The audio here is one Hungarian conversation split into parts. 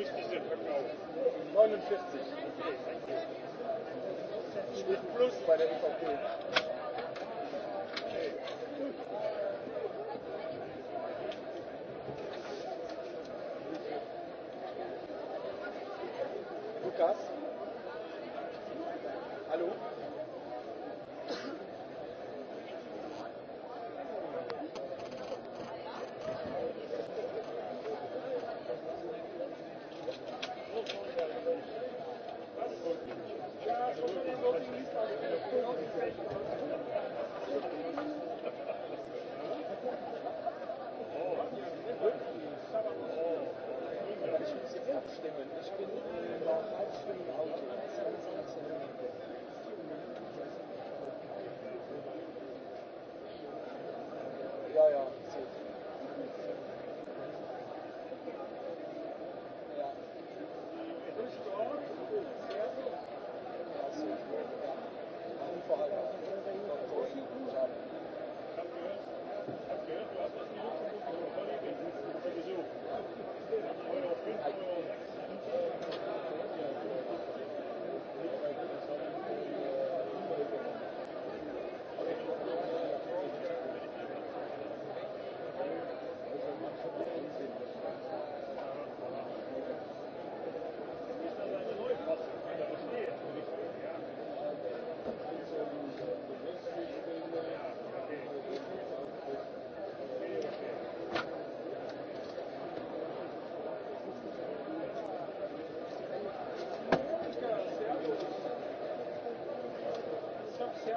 Durchschnitte verkauft. 49. Okay. Ich bin plus bei der EVP.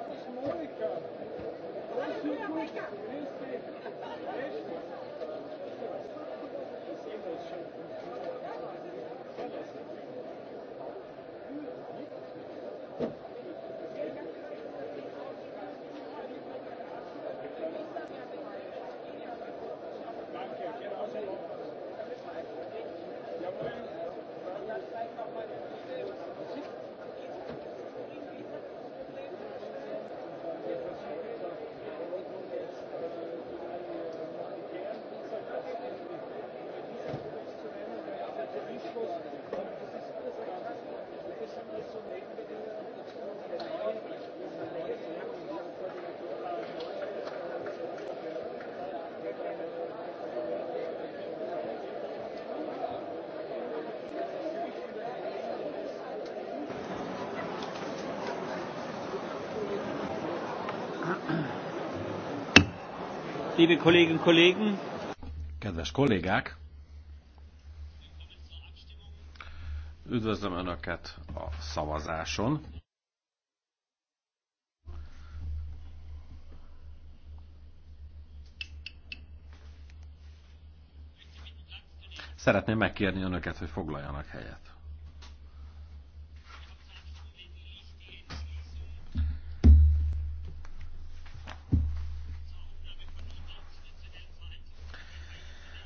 Das ist Monika. Das ist Monika. Liebe Kolleginnen und Kollegen. Kedves kollégák! Üdvözlöm Önöket a szavazáson. Szeretném megkérni Önöket, hogy foglaljanak helyet.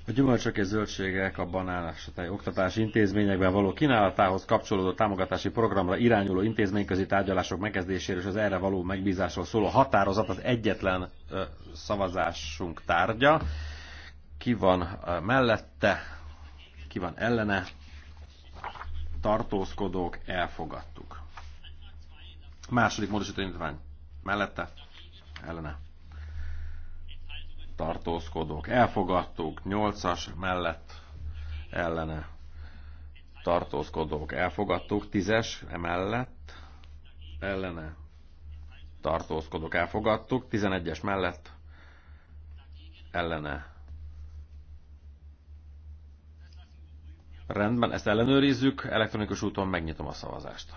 A gyümölcsök és zöldségek a banán oktatási intézményekben való kínálatához kapcsolódó támogatási programra irányuló intézményközi tárgyalások megkezdéséről és az erre való megbízásról szóló határozat az egyetlen ö, szavazásunk tárgya. Ki van ö, mellette, ki van ellene, tartózkodók, elfogadtuk. Második módosító mellette, ellene tartózkodók. Elfogadtuk 8-as mellett ellene tartózkodók. Elfogadtuk 10-es emellett ellene tartózkodók. Elfogadtuk 11-es mellett ellene. Rendben, ezt ellenőrizzük, elektronikus úton megnyitom a szavazást.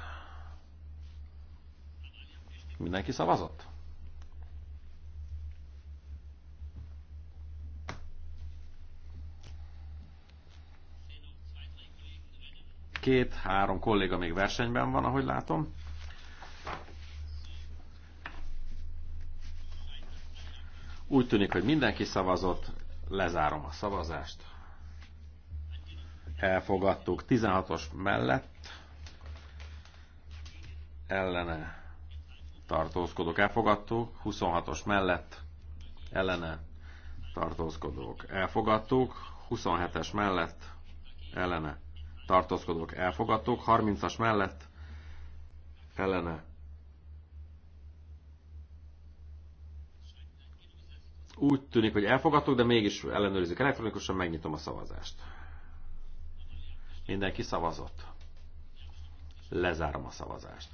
Mindenki szavazott? Két-három kolléga még versenyben van, ahogy látom. Úgy tűnik, hogy mindenki szavazott, lezárom a szavazást. Elfogadtuk 16-os mellett, ellene tartózkodók elfogadtuk, 26-os mellett ellene tartózkodók elfogadtuk, 27-es mellett ellene tartózkodók elfogadtuk, 30-as mellett ellene úgy tűnik, hogy elfogadtuk, de mégis ellenőrizzük elektronikusan, megnyitom a szavazást. Mindenki szavazott. Lezárom a szavazást.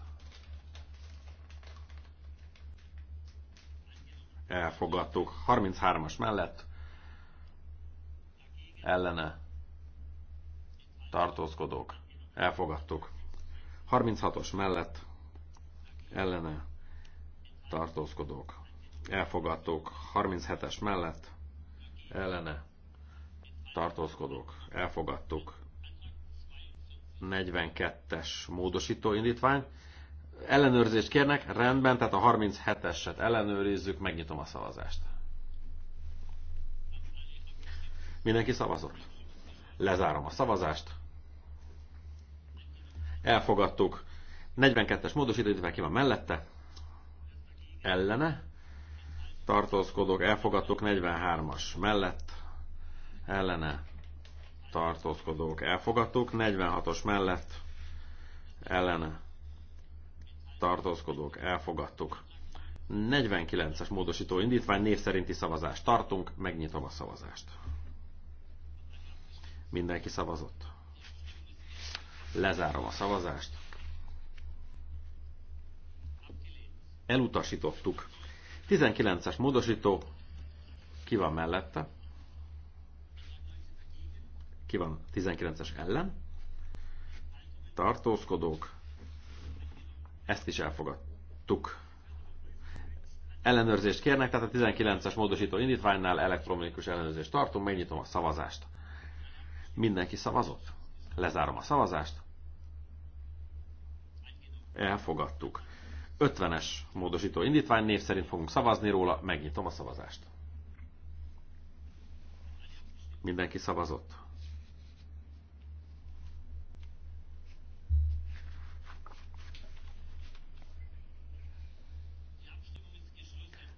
Elfogadtuk. 33-as mellett. Ellene tartózkodók, elfogadtuk. 36-os mellett ellene tartózkodók, elfogadtuk. 37-es mellett ellene tartózkodók, elfogadtuk. 42-es módosító indítvány. Ellenőrzést kérnek, rendben, tehát a 37-eset ellenőrizzük, megnyitom a szavazást. Mindenki szavazott. Lezárom a szavazást elfogadtuk. 42-es módosító ki van mellette, ellene, tartózkodók, elfogadtuk 43-as mellett, ellene, tartózkodók, elfogadtuk 46-os mellett, ellene, tartózkodók, elfogadtuk. 49-es módosító indítvány név szerinti szavazást tartunk, megnyitom a szavazást. Mindenki szavazott. Lezárom a szavazást. Elutasítottuk. 19-es módosító. Ki van mellette? Ki van 19-es ellen? Tartózkodók. Ezt is elfogadtuk. Ellenőrzést kérnek, tehát a 19-es módosító indítványnál elektronikus ellenőrzést tartunk, megnyitom a szavazást. Mindenki szavazott? Lezárom a szavazást. Elfogadtuk. 50-es módosító indítvány, név szerint fogunk szavazni róla, megnyitom a szavazást. Mindenki szavazott.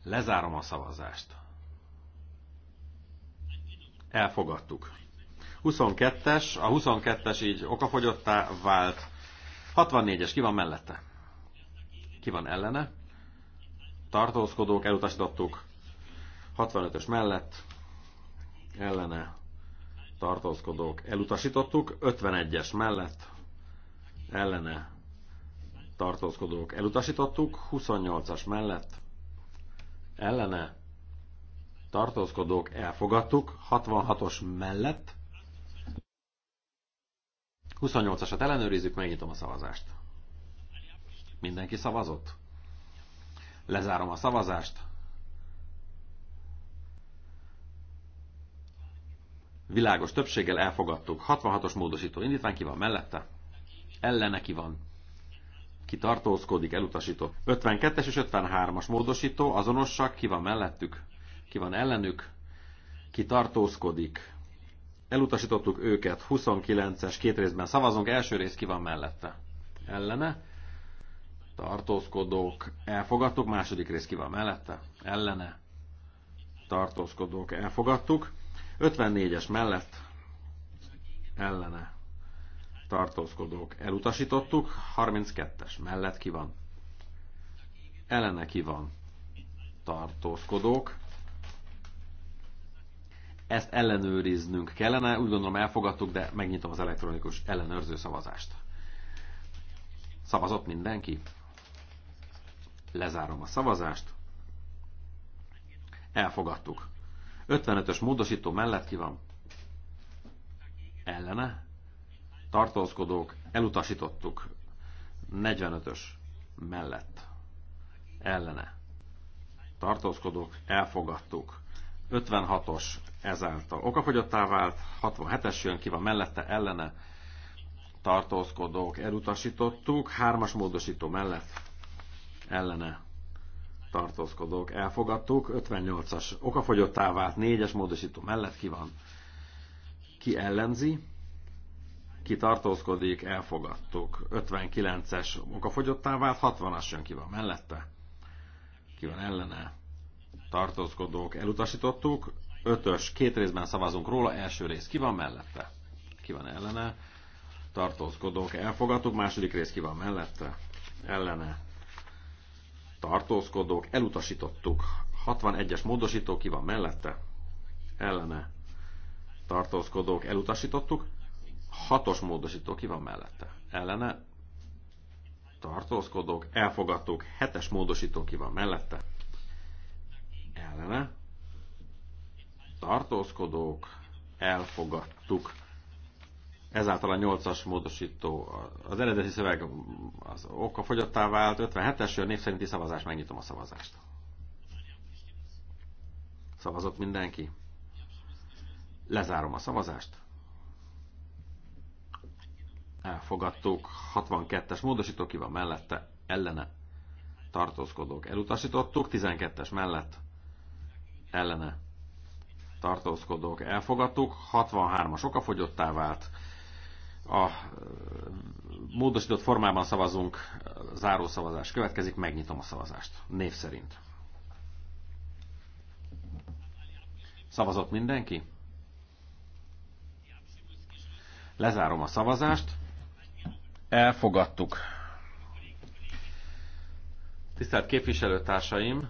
Lezárom a szavazást. Elfogadtuk. 22-es, a 22-es így okafogyottá vált 64-es, ki van mellette? Ki van ellene? Tartózkodók, elutasítottuk. 65-ös mellett, ellene, tartózkodók, elutasítottuk. 51-es mellett, ellene, tartózkodók, elutasítottuk. 28-as mellett, ellene, tartózkodók, elfogadtuk. 66-os mellett, 28-asat ellenőrizzük, megnyitom a szavazást. Mindenki szavazott? Lezárom a szavazást. Világos többséggel elfogadtuk. 66-os módosító indítvány ki van mellette? Ellene ki van? Ki tartózkodik, elutasító. 52-es és 53-as módosító azonosak, ki van mellettük? Ki van ellenük? Ki tartózkodik? Elutasítottuk őket. 29-es két részben szavazunk. Első rész ki van mellette? Ellene. Tartózkodók. Elfogadtuk. Második rész ki van mellette? Ellene. Tartózkodók. Elfogadtuk. 54-es mellett. Ellene. Tartózkodók. Elutasítottuk. 32-es mellett ki van? Ellene ki van? Tartózkodók ezt ellenőriznünk kellene, úgy gondolom elfogadtuk, de megnyitom az elektronikus ellenőrző szavazást. Szavazott mindenki? Lezárom a szavazást. Elfogadtuk. 55-ös módosító mellett ki van? Ellene? Tartózkodók, elutasítottuk. 45-ös mellett. Ellene. Tartózkodók, elfogadtuk. 56-os ezáltal okafogyottá vált, 67-es jön ki van mellette, ellene tartózkodók elutasítottuk, 3-as módosító mellett ellene tartózkodók elfogadtuk, 58-as okafogyottá vált, 4-es módosító mellett ki van, ki ellenzi, ki tartózkodik, elfogadtuk, 59-es okafogyottá vált, 60-as jön ki van mellette, ki van ellene, tartózkodók elutasítottuk, Ötös, két részben szavazunk róla, első rész ki van mellette? Ki van ellene? Tartózkodók, elfogadtuk, második rész ki van mellette? Ellene. Tartózkodók, elutasítottuk. 61-es módosító ki van mellette? Ellene. Tartózkodók, elutasítottuk. Hatos módosító ki van mellette? Ellene. Tartózkodók, elfogadtuk. Hetes módosító ki van mellette? Ellene tartózkodók, elfogadtuk. Ezáltal a 8-as módosító, az eredeti szöveg az oka fogyottá vált, 57-es jön név szerinti szavazás, megnyitom a szavazást. Szavazott mindenki? Lezárom a szavazást. Elfogadtuk, 62-es módosító ki van mellette, ellene tartózkodók elutasítottuk, 12-es mellett ellene tartózkodók elfogadtuk, 63-as okafogyottá vált, a módosított formában szavazunk, zárószavazás következik, megnyitom a szavazást, név szerint. Szavazott mindenki? Lezárom a szavazást. Elfogadtuk. Tisztelt képviselőtársaim,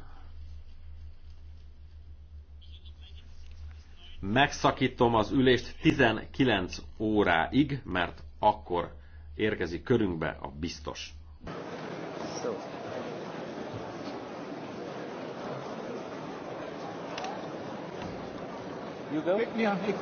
Megszakítom az ülést 19 óráig, mert akkor érkezik körünkbe a biztos. You go? Yeah.